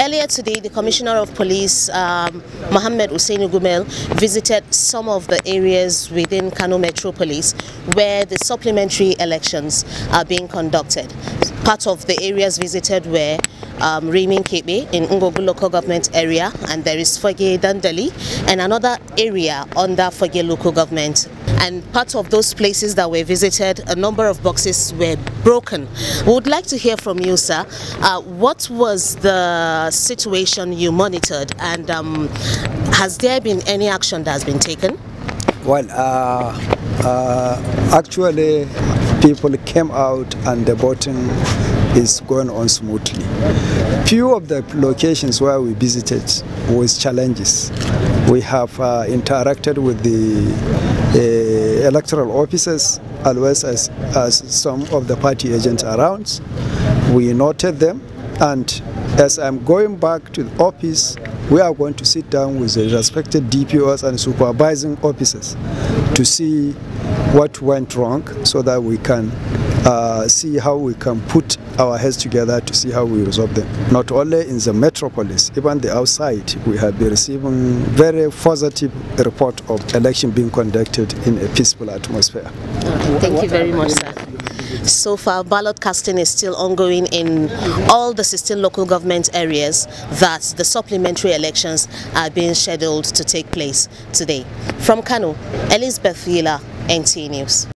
Earlier today, the Commissioner of Police, um, Mohammed Hussein Gumel, visited some of the areas within Kano Metropolis where the supplementary elections are being conducted. Part of the areas visited were um, Remin Kebe in Ngogu local government area and there is Foge Dandali and another area under Foge local government and part of those places that were visited, a number of boxes were broken. We would like to hear from you, sir. Uh, what was the situation you monitored and um, has there been any action that has been taken? Well, uh, uh, actually, people came out and the voting is going on smoothly. Few of the locations where we visited was challenges we have uh, interacted with the uh, electoral officers as well as, as some of the party agents around. We noted them and as I'm going back to the office, we are going to sit down with the respected DPOs and supervising officers to see what went wrong so that we can uh, see how we can put our heads together to see how we resolve them. Not only in the metropolis, even the outside, we have been receiving very positive report of election being conducted in a peaceful atmosphere. Okay, thank you very much, sir. So far, ballot casting is still ongoing in all the 16 local government areas that the supplementary elections are being scheduled to take place today. From Kano, Elizabeth Villa, NT News.